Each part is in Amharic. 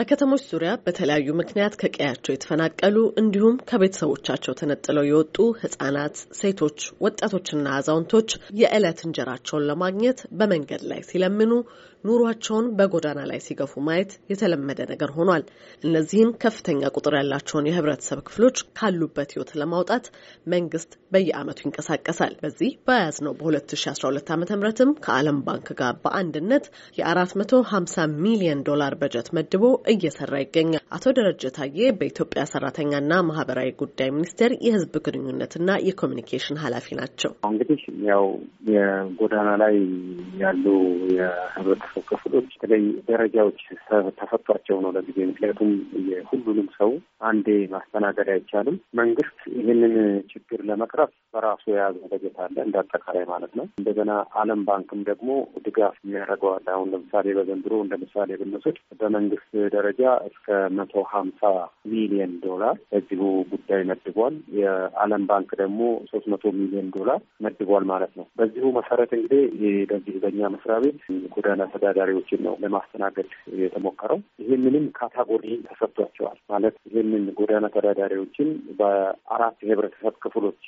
በከተሞች ዙሪያ በተለያዩ ምክንያት ከቀያቸው የተፈናቀሉ እንዲሁም ከቤተሰቦቻቸው ተነጥለው የወጡ ህጻናት፣ ሴቶች፣ ወጣቶችና አዛውንቶች የዕለት እንጀራቸውን ለማግኘት በመንገድ ላይ ሲለምኑ ኑሯቸውን በጎዳና ላይ ሲገፉ ማየት የተለመደ ነገር ሆኗል። እነዚህም ከፍተኛ ቁጥር ያላቸውን የህብረተሰብ ክፍሎች ካሉበት ህይወት ለማውጣት መንግስት በየአመቱ ይንቀሳቀሳል። በዚህ በያዝነው በ2012 ዓ ም ከዓለም ባንክ ጋር በአንድነት የ450 ሚሊዮን ዶላር በጀት መድቦ እየሰራ ይገኛል። አቶ ደረጀ ታዬ በኢትዮጵያ ሰራተኛና ማህበራዊ ጉዳይ ሚኒስቴር የህዝብ ግንኙነትና የኮሚኒኬሽን ኃላፊ ናቸው። እንግዲህ ያው የጎዳና ላይ ያሉ የህብረተሰብ ክፍሎች በተለይ ደረጃዎች ተፈቷቸው ነው ለጊዜ። ምክንያቱም የሁሉንም ሰው አንዴ ማስተናገድ አይቻልም። መንግስት ይህንን ችግር ለመቅረፍ በራሱ የያዘ በጀት አለ እንደ አጠቃላይ ማለት ነው። እንደገና ዓለም ባንክም ደግሞ ድጋፍ የሚያደርገዋል። አሁን ለምሳሌ በዘንድሮ እንደ ምሳሌ ብንወስድ በመንግስት ደረጃ እስከ መቶ ሀምሳ ሚሊየን ዶላር በዚሁ ጉዳይ መድቧል። የዓለም ባንክ ደግሞ ሶስት መቶ ሚሊዮን ዶላር መድቧል ማለት ነው። በዚሁ መሰረት እንግዲህ በዚህ በኛ መስሪያ ቤት ጎዳና ተዳዳሪዎችን ነው ለማስተናገድ የተሞከረው። ይህንንም ካታጎሪ ተሰጥቷቸዋል ማለት ይህንን ጎዳና ተዳዳሪዎችን በአራት የህብረተሰብ ክፍሎች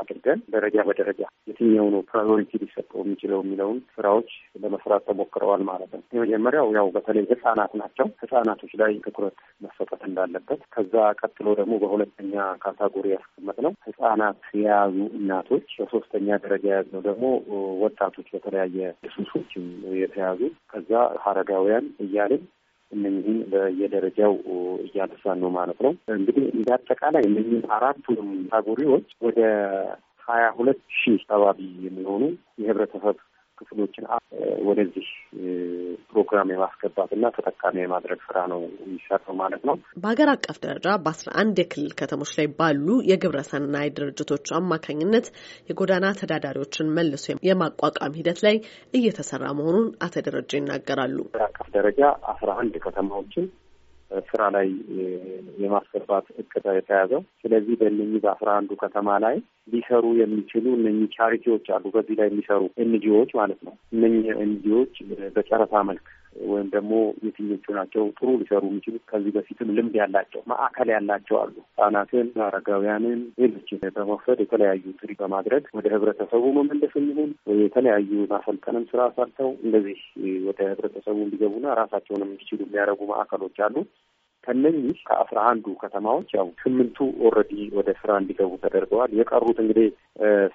አድርገን ደረጃ በደረጃ የትኛው ነው ፕራዮሪቲ ሊሰጠው የሚችለው የሚለውን ስራዎች ለመስራት ተሞክረዋል ማለት ነው። የመጀመሪያው ያው በተለይ ህጻናት ናቸው። ህጻናቶች ላይ ትኩረት መሰጠት እንዳለበት፣ ከዛ ቀጥሎ ደግሞ በሁለተኛ ካታጎሪ ያስቀመጥ ነው ህጻናት የያዙ እናቶች፣ በሶስተኛ ደረጃ የያዝነው ደግሞ ወጣቶች በተለያየ ሱሶችም የተያዙ ከዛ አረጋውያን እያልን እነዚህን በየደረጃው እያነሳን ነው ማለት ነው። እንግዲህ እንደ አጠቃላይ እነዚህን አራቱንም ካቴጎሪዎች ወደ ሀያ ሁለት ሺህ አካባቢ የሚሆኑ የህብረተሰብ ክፍሎችን ወደዚህ ፕሮግራም የማስገባት እና ተጠቃሚ የማድረግ ስራ ነው የሚሰራው ማለት ነው። በሀገር አቀፍ ደረጃ በአስራ አንድ የክልል ከተሞች ላይ ባሉ የግብረ ሰናይ ድርጅቶች አማካኝነት የጎዳና ተዳዳሪዎችን መልሶ የማቋቋም ሂደት ላይ እየተሰራ መሆኑን አቶ ደረጀ ይናገራሉ። በሀገር አቀፍ ደረጃ አስራ አንድ ከተማዎችን ስራ ላይ የማስገባት እቅድ የተያዘው። ስለዚህ በእነኚህ በአስራ አንዱ ከተማ ላይ ሊሰሩ የሚችሉ እነኚህ ቻሪቲዎች አሉ። በዚህ ላይ የሚሰሩ ኤንጂዎች ማለት ነው። እነኚህ ኤንጂዎች በጨረታ መልክ ወይም ደግሞ የትኞቹ ናቸው ጥሩ ሊሰሩ የሚችሉት ከዚህ በፊትም ልምድ ያላቸው ማዕከል ያላቸው አሉ። ህጻናትን፣ አረጋውያንን፣ ሌሎችን በመውሰድ የተለያዩ ትሪ በማድረግ ወደ ህብረተሰቡ መመለስ የሚሆን የተለያዩ ማሰልጠንም ስራ ሰርተው እንደዚህ ወደ ህብረተሰቡ እንዲገቡና ራሳቸውንም እንዲችሉ የሚያደርጉ ማዕከሎች አሉ። ከነኚህ ከአስራ አንዱ ከተማዎች ያው ስምንቱ ኦልሬዲ ወደ ስራ እንዲገቡ ተደርገዋል። የቀሩት እንግዲህ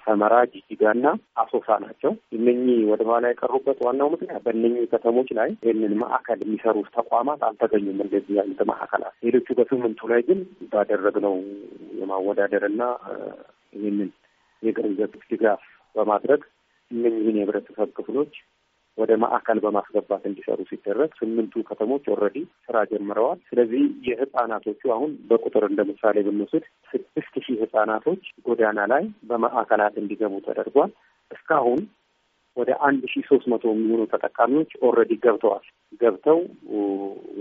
ሰመራ፣ ጅጅጋና አሶሳ ናቸው። እነኚህ ወደ ኋላ የቀሩበት ዋናው ምክንያት በእነኚህ ከተሞች ላይ ይህንን ማዕከል የሚሰሩ ተቋማት አልተገኙም። እንደዚህ ያሉት ማዕከላት ሌሎቹ በስምንቱ ላይ ግን ባደረግነው የማወዳደርና ይህንን የገንዘብ ድጋፍ በማድረግ እነኚህን የህብረተሰብ ክፍሎች ወደ ማዕከል በማስገባት እንዲሰሩ ሲደረግ ስምንቱ ከተሞች ኦልሬዲ ስራ ጀምረዋል። ስለዚህ የህጻናቶቹ አሁን በቁጥር እንደ ምሳሌ ብንወስድ ስድስት ሺህ ህጻናቶች ጎዳና ላይ በማዕከላት እንዲገቡ ተደርጓል። እስካሁን ወደ አንድ ሺ ሶስት መቶ የሚሆኑ ተጠቃሚዎች ኦልሬዲ ገብተዋል። ገብተው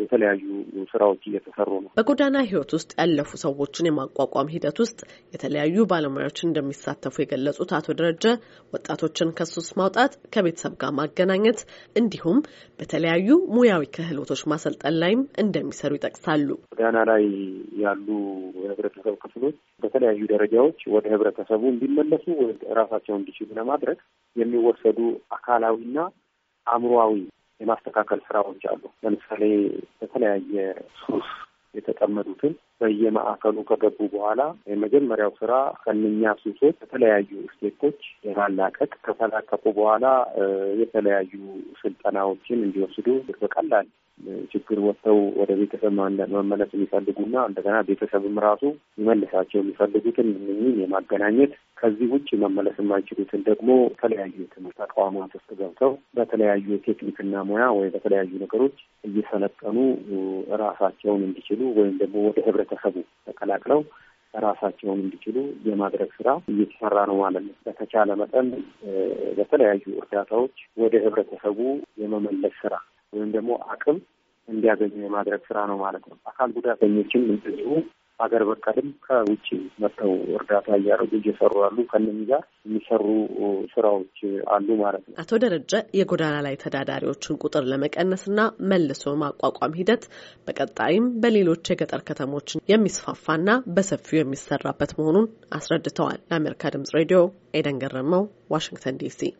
የተለያዩ ስራዎች እየተሰሩ ነው። በጎዳና ህይወት ውስጥ ያለፉ ሰዎችን የማቋቋም ሂደት ውስጥ የተለያዩ ባለሙያዎች እንደሚሳተፉ የገለጹት አቶ ደረጀ ወጣቶችን ከሱስ ማውጣት፣ ከቤተሰብ ጋር ማገናኘት እንዲሁም በተለያዩ ሙያዊ ክህሎቶች ማሰልጠን ላይም እንደሚሰሩ ይጠቅሳሉ። ጎዳና ላይ ያሉ የህብረተሰብ ክፍሎች በተለያዩ ደረጃዎች ወደ ህብረተሰቡ እንዲመለሱ ራሳቸውን እንዲችሉ ለማድረግ የሚወሰዱ አካላዊና አእምሯዊ የማስተካከል ስራዎች አሉ። ለምሳሌ በተለያየ ሱስ የተጠመዱትን በየማዕከሉ ከገቡ በኋላ የመጀመሪያው ስራ ከእነኛ ሱሶች ከተለያዩ ስቴቶች የማላቀቅ ከተላቀቁ በኋላ የተለያዩ ስልጠናዎችን እንዲወስዱ በቀላል ችግር ወጥተው ወደ ቤተሰብ መመለስ የሚፈልጉና እንደገና ቤተሰብም ራሱ ይመልሳቸው የሚፈልጉትን ምንኝን የማገናኘት ከዚህ ውጭ መመለስ የማይችሉትን ደግሞ የተለያዩ የትምህርት ተቋማት ውስጥ ገብተው በተለያዩ የቴክኒክና ሙያ ወይ በተለያዩ ነገሮች እየሰለጠኑ ራሳቸውን እንዲችሉ ወይም ደግሞ ወደ ህብረተሰቡ ተቀላቅለው ራሳቸውን እንዲችሉ የማድረግ ስራ እየተሰራ ነው ማለት ነው። በተቻለ መጠን በተለያዩ እርዳታዎች ወደ ህብረተሰቡ የመመለስ ስራ ወይም ደግሞ አቅም እንዲያገኙ የማድረግ ስራ ነው ማለት ነው። አካል ጉዳተኞችም እንደዚሁ አገር በቀልም ከውጭ መጥተው እርዳታ እያደረጉ እየሰሩ አሉ። ከንም ጋር የሚሰሩ ስራዎች አሉ ማለት ነው። አቶ ደረጀ የጎዳና ላይ ተዳዳሪዎችን ቁጥር ለመቀነስና መልሶ ማቋቋም ሂደት በቀጣይም በሌሎች የገጠር ከተሞች የሚስፋፋና በሰፊው የሚሰራበት መሆኑን አስረድተዋል። ለአሜሪካ ድምጽ ሬዲዮ ኤደን ገረመው ዋሽንግተን ዲሲ